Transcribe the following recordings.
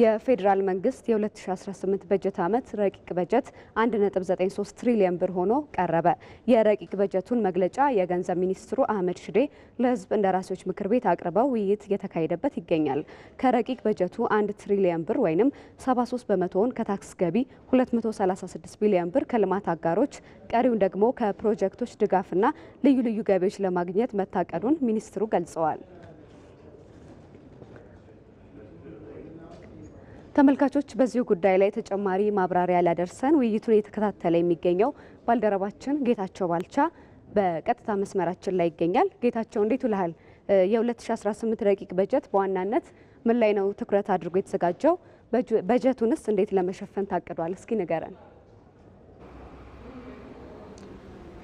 የፌዴራል መንግስት የ2018 በጀት ዓመት ረቂቅ በጀት 1.93 ትሪሊዮን ብር ሆኖ ቀረበ። የረቂቅ በጀቱን መግለጫ የገንዘብ ሚኒስትሩ አህመድ ሽዴ ለህዝብ እንደራሴዎች ምክር ቤት አቅርበው ውይይት እየተካሄደበት ይገኛል። ከረቂቅ በጀቱ 1 ትሪሊዮን ብር ወይም 73 በመቶውን ከታክስ ገቢ፣ 236 ቢሊዮን ብር ከልማት አጋሮች፣ ቀሪውን ደግሞ ከፕሮጀክቶች ድጋፍና ልዩ ልዩ ገቢዎች ለማግኘት መታቀዱን ሚኒስትሩ ገልጸዋል። ተመልካቾች በዚሁ ጉዳይ ላይ ተጨማሪ ማብራሪያ ሊያደርሰን ውይይቱን እየተከታተለ የሚገኘው ባልደረባችን ጌታቸው ባልቻ በቀጥታ መስመራችን ላይ ይገኛል። ጌታቸው እንዴት ውልሃል? የ2018 ረቂቅ በጀት በዋናነት ምን ላይ ነው ትኩረት አድርጎ የተዘጋጀው? በጀቱንስ እንዴት ለመሸፈን ታቅዷል? እስኪ ንገረን።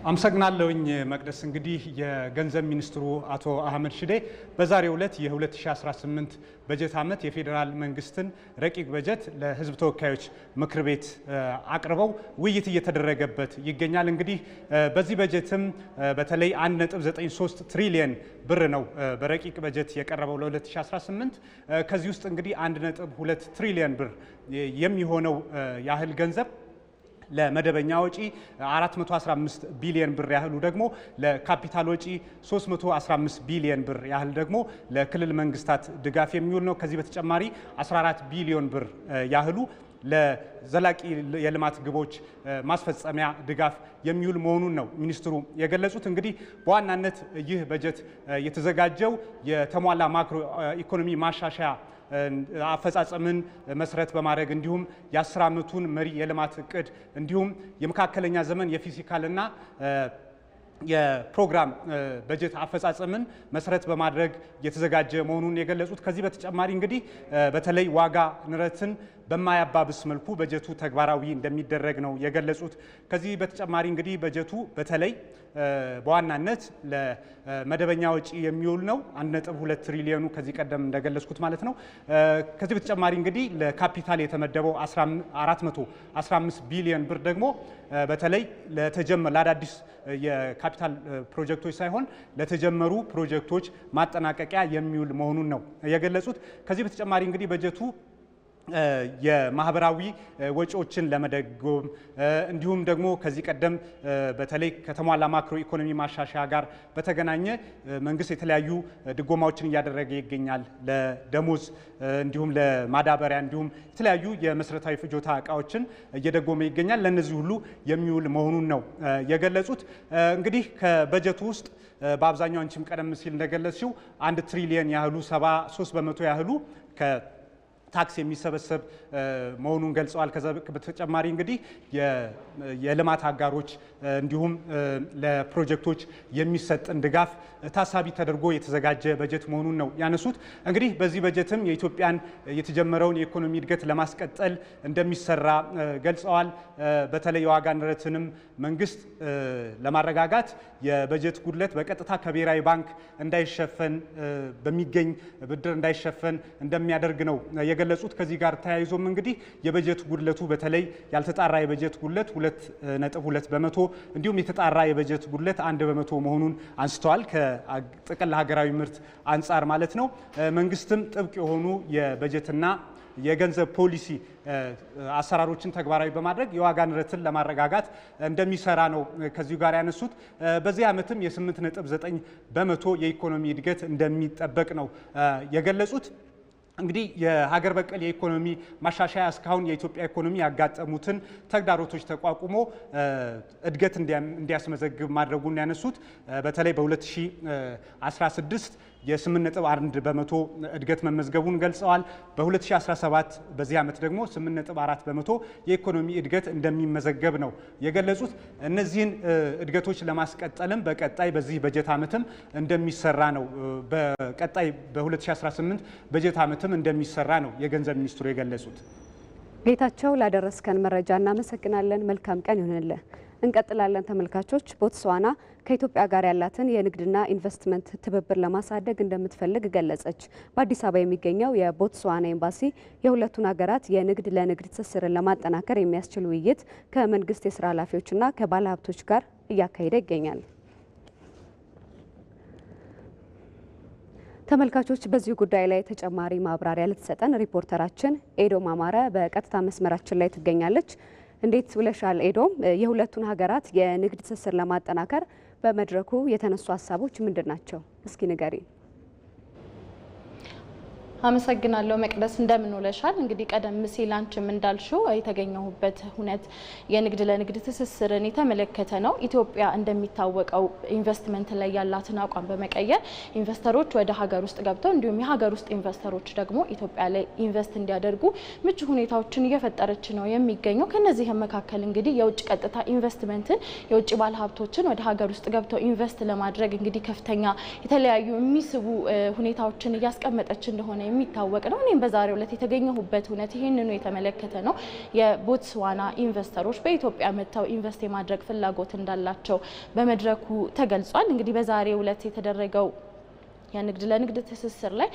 አመሰግናለሁኝ መቅደስ። እንግዲህ የገንዘብ ሚኒስትሩ አቶ አህመድ ሽዴ በዛሬው ዕለት የ2018 በጀት ዓመት የፌዴራል መንግስትን ረቂቅ በጀት ለሕዝብ ተወካዮች ምክር ቤት አቅርበው ውይይት እየተደረገበት ይገኛል። እንግዲህ በዚህ በጀትም በተለይ 1.93 ትሪሊየን ብር ነው በረቂቅ በጀት የቀረበው ለ2018። ከዚህ ውስጥ እንግዲህ 1.2 ትሪሊየን ብር የሚሆነው ያህል ገንዘብ ለመደበኛ ወጪ 415 ቢሊዮን ብር ያህሉ ደግሞ ለካፒታል ወጪ 315 ቢሊዮን ብር ያህል ደግሞ ለክልል መንግስታት ድጋፍ የሚውል ነው። ከዚህ በተጨማሪ 14 ቢሊዮን ብር ያህሉ ለዘላቂ የልማት ግቦች ማስፈጸሚያ ድጋፍ የሚውል መሆኑን ነው ሚኒስትሩ የገለጹት። እንግዲህ በዋናነት ይህ በጀት የተዘጋጀው የተሟላ ማክሮ ኢኮኖሚ ማሻሻያ አፈጻጸምን መሰረት በማድረግ እንዲሁም የአስር ዓመቱን መሪ የልማት እቅድ እንዲሁም የመካከለኛ ዘመን የፊዚካልና የፕሮግራም በጀት አፈጻጸምን መሰረት በማድረግ የተዘጋጀ መሆኑን የገለጹት ከዚህ በተጨማሪ እንግዲህ በተለይ ዋጋ ንረትን በማያባብስ መልኩ በጀቱ ተግባራዊ እንደሚደረግ ነው የገለጹት። ከዚህ በተጨማሪ እንግዲህ በጀቱ በተለይ በዋናነት ለመደበኛ ወጪ የሚውል ነው 1.2 ትሪሊዮኑ ከዚህ ቀደም እንደገለጽኩት ማለት ነው። ከዚህ በተጨማሪ እንግዲህ ለካፒታል የተመደበው 415 ቢሊዮን ብር ደግሞ በተለይ ለተጀመረ ለአዳዲስ የካፒታል ፕሮጀክቶች ሳይሆን ለተጀመሩ ፕሮጀክቶች ማጠናቀቂያ የሚውል መሆኑን ነው የገለጹት። ከዚህ በተጨማሪ እንግዲህ በጀቱ የማህበራዊ ወጪዎችን ለመደጎም እንዲሁም ደግሞ ከዚህ ቀደም በተለይ ከተሟላ ማክሮ ኢኮኖሚ ማሻሻያ ጋር በተገናኘ መንግስት የተለያዩ ድጎማዎችን እያደረገ ይገኛል። ለደሞዝ እንዲሁም ለማዳበሪያ እንዲሁም የተለያዩ የመሰረታዊ ፍጆታ እቃዎችን እየደጎመ ይገኛል። ለእነዚህ ሁሉ የሚውል መሆኑን ነው የገለጹት። እንግዲህ ከበጀቱ ውስጥ በአብዛኛው አንቺም ቀደም ሲል እንደገለጽሽው አንድ ትሪሊየን ያህሉ 73 በመቶ ያህሉ ታክስ የሚሰበሰብ መሆኑን ገልጸዋል። ከዛ በተጨማሪ እንግዲህ የልማት አጋሮች እንዲሁም ለፕሮጀክቶች የሚሰጥን ድጋፍ ታሳቢ ተደርጎ የተዘጋጀ በጀት መሆኑን ነው ያነሱት። እንግዲህ በዚህ በጀትም የኢትዮጵያን የተጀመረውን የኢኮኖሚ እድገት ለማስቀጠል እንደሚሰራ ገልጸዋል። በተለይ የዋጋ ንረትንም መንግስት ለማረጋጋት የበጀት ጉድለት በቀጥታ ከብሔራዊ ባንክ እንዳይሸፈን በሚገኝ ብድር እንዳይሸፈን እንደሚያደርግ ነው የገለጹት። ከዚህ ጋር ተያይዞም እንግዲህ የበጀት ጉድለቱ በተለይ ያልተጣራ የበጀት ጉድለት 2.2 በመቶ እንዲሁም የተጣራ የበጀት ጉድለት አንድ በመቶ መሆኑን አንስተዋል። ከጥቅል ሀገራዊ ምርት አንጻር ማለት ነው። መንግስትም ጥብቅ የሆኑ የበጀትና የገንዘብ ፖሊሲ አሰራሮችን ተግባራዊ በማድረግ የዋጋ ንረትን ለማረጋጋት እንደሚሰራ ነው ከዚሁ ጋር ያነሱት። በዚህ ዓመትም የ8.9 በመቶ የኢኮኖሚ እድገት እንደሚጠበቅ ነው የገለጹት። እንግዲህ የሀገር በቀል የኢኮኖሚ ማሻሻያ እስካሁን የኢትዮጵያ ኢኮኖሚ ያጋጠሙትን ተግዳሮቶች ተቋቁሞ እድገት እንዲያስመዘግብ ማድረጉን ያነሱት በተለይ በ2016 የ8.1 በመቶ እድገት መመዝገቡን ገልጸዋል። በ2017 በዚህ ዓመት ደግሞ 8.4 በመቶ የኢኮኖሚ እድገት እንደሚመዘገብ ነው የገለጹት። እነዚህን እድገቶች ለማስቀጠልም በቀጣይ በዚህ በጀት ዓመትም እንደሚሰራ ነው በቀጣይ በ2018 በጀት ዓመትም እንደሚሰራ ነው የገንዘብ ሚኒስትሩ የገለጹት። ጌታቸው፣ ላደረስከን መረጃ እናመሰግናለን። መልካም ቀን ይሁንልን። እንቀጥላለን ተመልካቾች። ቦትስዋና ከኢትዮጵያ ጋር ያላትን የንግድና ኢንቨስትመንት ትብብር ለማሳደግ እንደምትፈልግ ገለጸች። በአዲስ አበባ የሚገኘው የቦትስዋና ኤምባሲ የሁለቱን ሀገራት የንግድ ለንግድ ትስስርን ለማጠናከር የሚያስችል ውይይት ከመንግስት የስራ ኃላፊዎችና ከባለሀብቶች ጋር እያካሄደ ይገኛል። ተመልካቾች በዚህ ጉዳይ ላይ ተጨማሪ ማብራሪያ ልትሰጠን ሪፖርተራችን ኤዶም አማረ በቀጥታ መስመራችን ላይ ትገኛለች። እንዴት ውለሻል ኤዶም። የሁለቱን ሀገራት የንግድ ትስስር ለማጠናከር በመድረኩ የተነሱ ሀሳቦች ምንድን ናቸው? እስኪ ንገሪን። አመሰግናለሁ መቅደስ፣ እንደምን ውለሻል? እንግዲህ ቀደም ሲል አንቺም እንዳልሽው የተገኘሁበት ሁነት የንግድ ለንግድ ትስስርን የተመለከተ ነው። ኢትዮጵያ እንደሚታወቀው ኢንቨስትመንት ላይ ያላትን አቋም በመቀየር ኢንቨስተሮች ወደ ሀገር ውስጥ ገብተው እንዲሁም የሀገር ውስጥ ኢንቨስተሮች ደግሞ ኢትዮጵያ ላይ ኢንቨስት እንዲያደርጉ ምቹ ሁኔታዎችን እየፈጠረች ነው የሚገኘው። ከነዚህም መካከል እንግዲህ የውጭ ቀጥታ ኢንቨስትመንትን የውጭ ባለሀብቶችን ወደ ሀገር ውስጥ ገብተው ኢንቨስት ለማድረግ እንግዲህ ከፍተኛ የተለያዩ የሚስቡ ሁኔታዎችን እያስቀመጠች እንደሆነ የሚታወቅ ነው። እኔም በዛሬው ዕለት የተገኘሁበት እውነት ይህንኑ የተመለከተ ነው። የቦትስዋና ኢንቨስተሮች በኢትዮጵያ መጥተው ኢንቨስት የማድረግ ፍላጎት እንዳላቸው በመድረኩ ተገልጿል። እንግዲህ በዛሬው ዕለት የተደረገው የንግድ ለንግድ ትስስር ላይ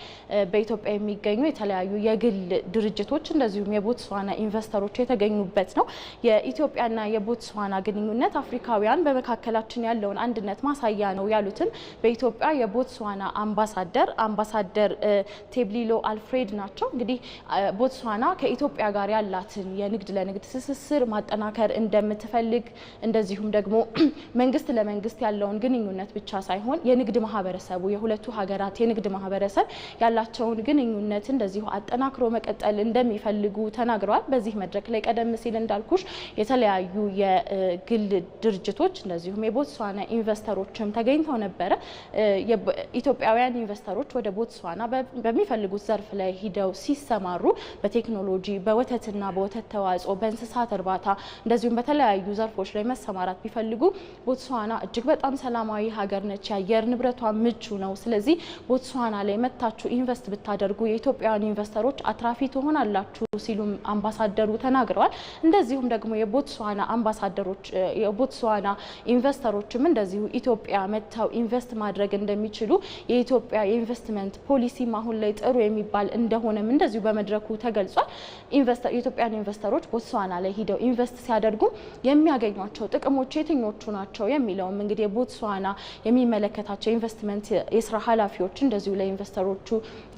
በኢትዮጵያ የሚገኙ የተለያዩ የግል ድርጅቶች እንደዚሁም የቦትስዋና ኢንቨስተሮች የተገኙበት ነው። የኢትዮጵያና የቦትስዋና ግንኙነት አፍሪካውያን በመካከላችን ያለውን አንድነት ማሳያ ነው ያሉትን በኢትዮጵያ የቦትስዋና አምባሳደር አምባሳደር ቴብሊሎ አልፍሬድ ናቸው። እንግዲህ ቦትስዋና ከኢትዮጵያ ጋር ያላትን የንግድ ለንግድ ትስስር ማጠናከር እንደምትፈልግ እንደዚሁም ደግሞ መንግስት ለመንግስት ያለውን ግንኙነት ብቻ ሳይሆን የንግድ ማህበረሰቡ የሁለቱ ሀገራት የንግድ ማህበረሰብ ያላቸውን ግንኙነት እንደዚሁ አጠናክሮ መቀጠል እንደሚፈልጉ ተናግረዋል። በዚህ መድረክ ላይ ቀደም ሲል እንዳልኩሽ የተለያዩ የግል ድርጅቶች እንደዚሁም የቦትስዋና ኢንቨስተሮችም ተገኝተው ነበረ። ኢትዮጵያውያን ኢንቨስተሮች ወደ ቦትስዋና በሚፈልጉት ዘርፍ ላይ ሂደው ሲሰማሩ በቴክኖሎጂ በወተትና በወተት ተዋጽኦ በእንስሳት እርባታ እንደዚሁም በተለያዩ ዘርፎች ላይ መሰማራት ቢፈልጉ ቦትስዋና እጅግ በጣም ሰላማዊ ሀገር ነች፣ የአየር ንብረቷ ምቹ ነው። ስለዚህ ስለዚህ ቦትስዋና ላይ መታችሁ ኢንቨስት ብታደርጉ የኢትዮጵያውያን ኢንቨስተሮች አትራፊ ትሆናላችሁ ሲሉም አምባሳደሩ ተናግረዋል። እንደዚሁም ደግሞ የቦትስዋና አምባሳደሮች የቦትስዋና ኢንቨስተሮችም እንደዚሁ ኢትዮጵያ መጥተው ኢንቨስት ማድረግ እንደሚችሉ የኢትዮጵያ የኢንቨስትመንት ፖሊሲም አሁን ላይ ጥሩ የሚባል እንደሆነም እንደዚሁ በመድረኩ ተገልጿል። የኢትዮጵያን ኢንቨስተሮች ቦትስዋና ላይ ሂደው ኢንቨስት ሲያደርጉ የሚያገኟቸው ጥቅሞች የትኞቹ ናቸው የሚለውም እንግዲህ የቦትስዋና የሚመለከታቸው ኢንቨስትመንት የስራ ኃላፊ ኃላፊዎች እንደዚሁ ለኢንቨስተሮቹ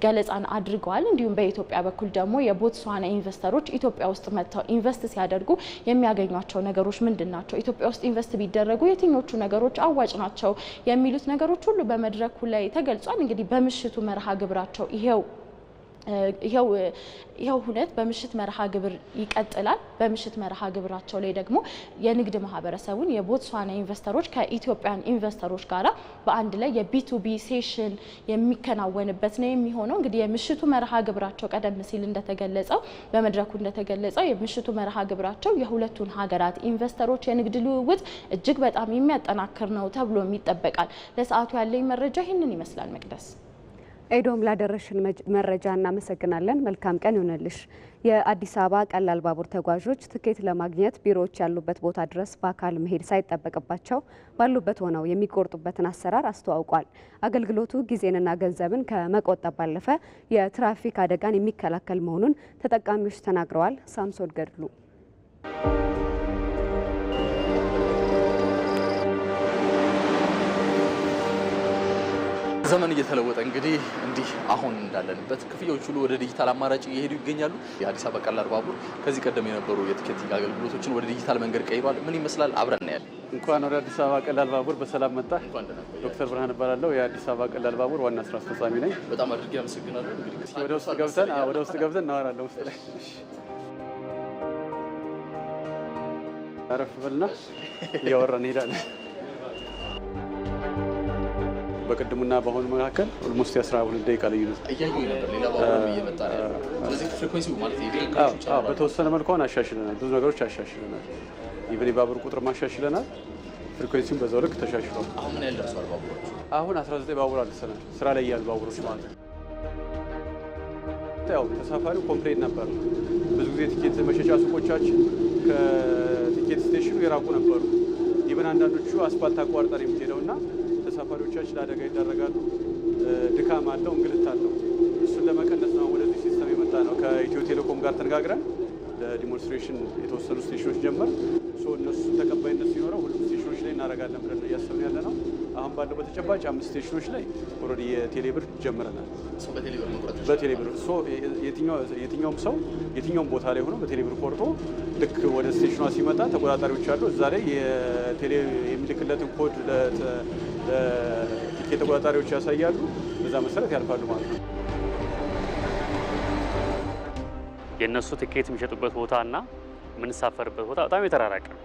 ገለጻን አድርገዋል። እንዲሁም በኢትዮጵያ በኩል ደግሞ የቦትስዋና ኢንቨስተሮች ኢትዮጵያ ውስጥ መጥተው ኢንቨስት ሲያደርጉ የሚያገኟቸው ነገሮች ምንድን ናቸው? ኢትዮጵያ ውስጥ ኢንቨስት ቢደረጉ የትኞቹ ነገሮች አዋጭ ናቸው? የሚሉት ነገሮች ሁሉ በመድረኩ ላይ ተገልጿል። እንግዲህ በምሽቱ መርሃ ግብራቸው ይሄው ይኸው ሁነት በምሽት መርሃ ግብር ይቀጥላል። በምሽት መርሃ ግብራቸው ላይ ደግሞ የንግድ ማህበረሰቡን የቦትስዋና ኢንቨስተሮች ከኢትዮጵያን ኢንቨስተሮች ጋር በአንድ ላይ የቢቱቢ ሴሽን የሚከናወንበት ነው የሚሆነው። እንግዲህ የምሽቱ መርሃ ግብራቸው ቀደም ሲል እንደተገለጸው በመድረኩ እንደተገለጸው የምሽቱ መርሃ ግብራቸው የሁለቱን ሀገራት ኢንቨስተሮች የንግድ ልውውጥ እጅግ በጣም የሚያጠናክር ነው ተብሎም ይጠበቃል። ለሰዓቱ ያለኝ መረጃ ይህንን ይመስላል። መቅደስ ኤዶም ላደረሽን መረጃ እናመሰግናለን። መልካም ቀን ይሆነልሽ። የአዲስ አበባ ቀላል ባቡር ተጓዦች ትኬት ለማግኘት ቢሮዎች ያሉበት ቦታ ድረስ በአካል መሄድ ሳይጠበቅባቸው ባሉበት ሆነው የሚቆርጡበትን አሰራር አስተዋውቋል። አገልግሎቱ ጊዜንና ገንዘብን ከመቆጠብ ባለፈ የትራፊክ አደጋን የሚከላከል መሆኑን ተጠቃሚዎች ተናግረዋል። ሳምሶን ገድሉ ዘመን እየተለወጠ እንግዲህ እንዲህ አሁን እንዳለንበት ክፍያዎች ሁሉ ወደ ዲጂታል አማራጭ እየሄዱ ይገኛሉ። የአዲስ አበባ ቀላል ባቡር ከዚህ ቀደም የነበሩ የትኬት አገልግሎቶችን ወደ ዲጂታል መንገድ ቀይሯል። ምን ይመስላል? አብረን ያለ እንኳን ወደ አዲስ አበባ ቀላል ባቡር በሰላም መጣ። ዶክተር ብርሃን እባላለሁ የአዲስ አበባ ቀላል ባቡር ዋና ስራ አስፈጻሚ ነኝ። በጣም አድርጌ አመሰግናለሁ። ውስጥ ገብተን ወደ ውስጥ ገብተን እናወራለን ውስጥ ላይ አረፍ በልና እያወራን እንሄዳለን። በቅድሙና በአሁኑ መካከል ኦልሞስት የአስራ ሁለት ደቂቃ ልዩነት በተወሰነ መልኩ አሁን አሻሽለናል። ብዙ ነገሮች አሻሽለናል። ኢቨን የባቡር ቁጥርም አሻሽለናል። ፍሪኩዌንሲውን በዛው ልክ ተሻሽሏል። አሁን 19 ባቡር አድርሰናል። ስራ ላይ ያሉ ባቡሮች ማለት ነው። ያው ተሳፋሪው ኮምፕሌን ነበር። ብዙ ጊዜ ቲኬት መሸጫ ሱቆቻችን ከቲኬት ስቴሽኑ የራቁ ነበሩ። ኢቨን አንዳንዶቹ አስፋልት አቋርጠር የምትሄደው እና ተሳፋሪዎቻችን ለአደጋ ይዳረጋሉ። ድካም አለው፣ እንግልት አለው። እሱን ለመቀነስ ነው ወደዚህ ሲስተም የመጣ ነው። ከኢትዮ ቴሌኮም ጋር ተነጋግረን ለዲሞንስትሬሽን የተወሰኑ ስቴሽኖች ጀመር። እነሱ ተቀባይነት ሲኖረው ሁሉም ስቴሽኖች ላይ እናደርጋለን ብለን እያሰብን ያለ ነው። አሁን ባለው በተጨባጭ አምስት ስቴሽኖች ላይ ኦልሬዲ የቴሌብር ጀምረናል። በቴሌብር የትኛውም ሰው የትኛውም ቦታ ላይ ሆኖ በቴሌብር ቆርጦ ልክ ወደ ስቴሽኗ ሲመጣ ተቆጣጣሪዎች አሉ። እዛ ላይ የሚልክለትን ኮድ ለቲኬት ተቆጣጣሪዎች ያሳያሉ። በዛ መሰረት ያልፋሉ ማለት ነው። የእነሱ ትኬት የሚሸጡበት ቦታና የምንሳፈርበት ቦታ በጣም የተራራቀ ነው።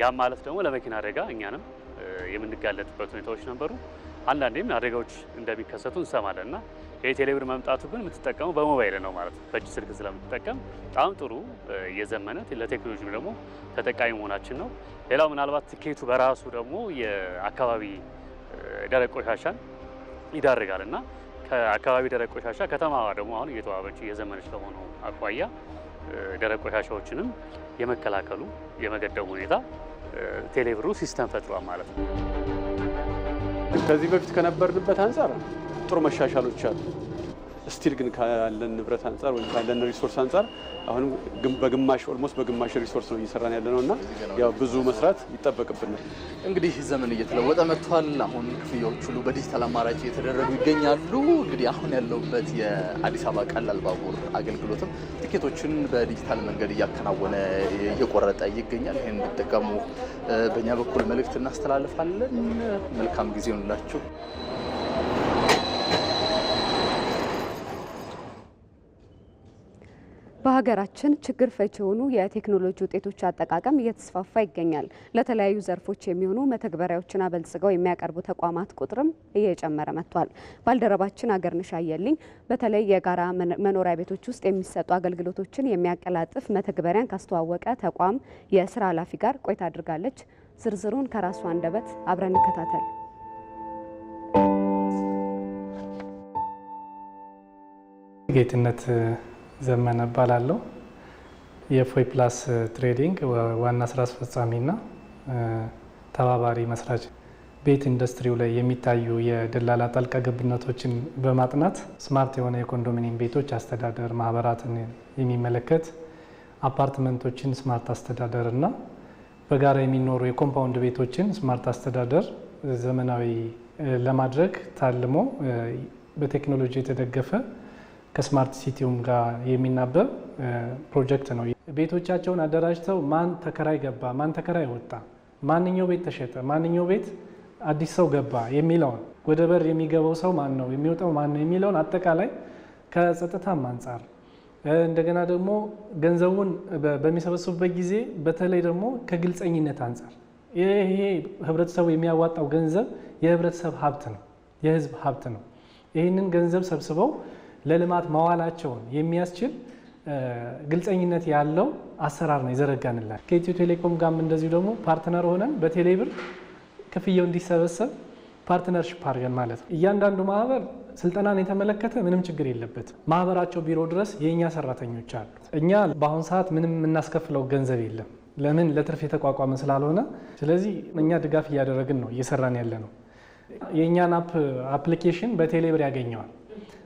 ያም ማለት ደግሞ ለመኪና አደጋ እኛንም የምንጋለጥበት ሁኔታዎች ነበሩ። አንዳንዴም አደጋዎች እንደሚከሰቱ እንሰማለን እና የቴሌብር መምጣቱ ግን የምትጠቀመው በሞባይል ነው ማለት ነው። በእጅ ስልክ ስለምትጠቀም በጣም ጥሩ የዘመነ ለቴክኖሎጂ ደግሞ ተጠቃሚ መሆናችን ነው። ሌላው ምናልባት ትኬቱ በራሱ ደግሞ የአካባቢ ደረቅ ቆሻሻን ይዳርጋል እና ከአካባቢ ደረቅ ቆሻሻ ከተማዋ ደግሞ አሁን እየተዋበች እየዘመነች ለሆነው አኳያ ደረቅ ቆሻሻዎችንም የመከላከሉ የመገደቡ ሁኔታ ቴሌብሩ ሲስተም ፈጥሯል ማለት ነው። ከዚህ በፊት ከነበርንበት አንጻር ጥሩ መሻሻሎች አሉ። ስቲል ግን ካለን ንብረት አንጻር ወይም ካለን ሪሶርስ አንጻር አሁንም በግማሽ ኦልሞስት በግማሽ ሪሶርስ ነው እየሰራን ያለ ነው እና ያው ብዙ መስራት ይጠበቅብናል። እንግዲህ ዘመን እየተለወጠ መጥቷል። አሁን ክፍያዎች ሁሉ በዲጂታል አማራጭ እየተደረጉ ይገኛሉ። እንግዲህ አሁን ያለውበት የአዲስ አበባ ቀላል ባቡር አገልግሎትም ትኬቶችን በዲጂታል መንገድ እያከናወነ እየቆረጠ ይገኛል። ይህን እንዲጠቀሙ በእኛ በኩል መልእክት እናስተላልፋለን። መልካም ጊዜ ይሁንላችሁ። በሀገራችን ችግር ፈች የሆኑ የቴክኖሎጂ ውጤቶች አጠቃቀም እየተስፋፋ ይገኛል። ለተለያዩ ዘርፎች የሚሆኑ መተግበሪያዎችን አበልጽገው የሚያቀርቡ ተቋማት ቁጥርም እየጨመረ መጥቷል። ባልደረባችን አገርንሻ አየልኝ በተለይ የጋራ መኖሪያ ቤቶች ውስጥ የሚሰጡ አገልግሎቶችን የሚያቀላጥፍ መተግበሪያን ካስተዋወቀ ተቋም የስራ ኃላፊ ጋር ቆይታ አድርጋለች። ዝርዝሩን ከራሱ አንደበት አብረን እንከታተል። ጌትነት ዘመነ እባላለሁ። የፎይ ፕላስ ትሬዲንግ ዋና ስራ አስፈጻሚና ተባባሪ መስራች። ቤት ኢንዱስትሪው ላይ የሚታዩ የደላላ ጣልቃ ገብነቶችን በማጥናት ስማርት የሆነ የኮንዶሚኒየም ቤቶች አስተዳደር ማህበራትን የሚመለከት አፓርትመንቶችን ስማርት አስተዳደር እና በጋራ የሚኖሩ የኮምፓውንድ ቤቶችን ስማርት አስተዳደር ዘመናዊ ለማድረግ ታልሞ በቴክኖሎጂ የተደገፈ ከስማርት ሲቲውም ጋር የሚናበብ ፕሮጀክት ነው። ቤቶቻቸውን አደራጅተው ማን ተከራይ ገባ፣ ማን ተከራይ ወጣ፣ ማንኛው ቤት ተሸጠ፣ ማንኛው ቤት አዲስ ሰው ገባ የሚለውን ወደ በር የሚገባው ሰው ማን ነው፣ የሚወጣው ማን ነው የሚለውን አጠቃላይ ከጸጥታም አንጻር እንደገና ደግሞ ገንዘቡን በሚሰበስቡበት ጊዜ በተለይ ደግሞ ከግልፀኝነት አንጻር ይሄ ህብረተሰቡ የሚያዋጣው ገንዘብ የህብረተሰብ ሀብት ነው፣ የህዝብ ሀብት ነው። ይህንን ገንዘብ ሰብስበው ለልማት ማዋላቸውን የሚያስችል ግልጸኝነት ያለው አሰራር ነው የዘረጋንላል። ከኢትዮ ቴሌኮም ጋርም እንደዚሁ ደግሞ ፓርትነር ሆነን በቴሌብር ክፍያው እንዲሰበሰብ ፓርትነርሽፕ አድርገን ማለት ነው። እያንዳንዱ ማህበር ስልጠናን የተመለከተ ምንም ችግር የለበት። ማህበራቸው ቢሮ ድረስ የእኛ ሰራተኞች አሉ። እኛ በአሁኑ ሰዓት ምንም የምናስከፍለው ገንዘብ የለም። ለምን ለትርፍ የተቋቋመ ስላልሆነ። ስለዚህ እኛ ድጋፍ እያደረግን ነው፣ እየሰራን ያለ ነው። የእኛን አፕ አፕሊኬሽን በቴሌብር ያገኘዋል።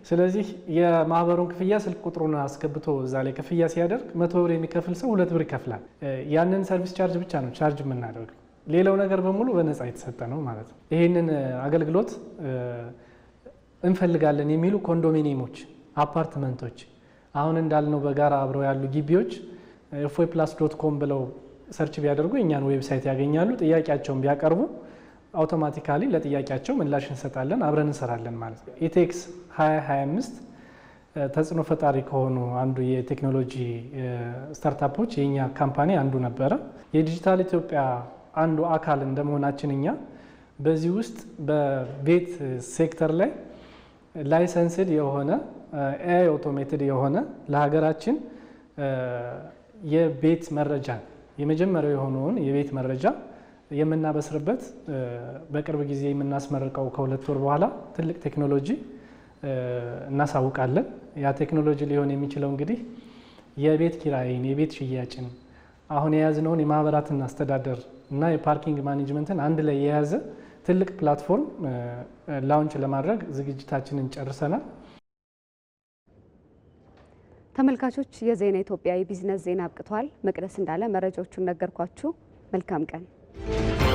ስለዚህ የማህበሩን ክፍያ ስልክ ቁጥሩን አስገብቶ እዛ ላይ ክፍያ ሲያደርግ መቶ ብር የሚከፍል ሰው ሁለት ብር ይከፍላል። ያንን ሰርቪስ ቻርጅ ብቻ ነው ቻርጅ የምናደርገው። ሌላው ነገር በሙሉ በነፃ የተሰጠ ነው ማለት ነው። ይህንን አገልግሎት እንፈልጋለን የሚሉ ኮንዶሚኒየሞች፣ አፓርትመንቶች አሁን እንዳልነው በጋራ አብረው ያሉ ግቢዎች ኤፎይ ፕላስ ዶት ኮም ብለው ሰርች ቢያደርጉ እኛን ዌብሳይት ያገኛሉ። ጥያቄያቸውን ቢያቀርቡ አውቶማቲካሊ ለጥያቄያቸው ምላሽ እንሰጣለን፣ አብረን እንሰራለን ማለት ነው። ኢቴክስ 2025 ተጽዕኖ ፈጣሪ ከሆኑ አንዱ የቴክኖሎጂ ስታርታፖች የእኛ ካምፓኒ አንዱ ነበረ። የዲጂታል ኢትዮጵያ አንዱ አካል እንደመሆናችን እኛ በዚህ ውስጥ በቤት ሴክተር ላይ ላይሰንስድ የሆነ ኤአይ ኦቶሜትድ የሆነ ለሀገራችን የቤት መረጃ የመጀመሪያው የሆነውን የቤት መረጃ የምናበስርበት በቅርብ ጊዜ የምናስመርቀው ከሁለት ወር በኋላ ትልቅ ቴክኖሎጂ እናሳውቃለን። ያ ቴክኖሎጂ ሊሆን የሚችለው እንግዲህ የቤት ኪራይን፣ የቤት ሽያጭን፣ አሁን የያዝነውን የማህበራትን አስተዳደር እና የፓርኪንግ ማኔጅመንትን አንድ ላይ የያዘ ትልቅ ፕላትፎርም ላውንች ለማድረግ ዝግጅታችንን ጨርሰናል። ተመልካቾች፣ የዜና ኢትዮጵያ የቢዝነስ ዜና አብቅቷል። መቅደስ እንዳለ መረጃዎቹን ነገርኳችሁ። መልካም ቀን Thank you.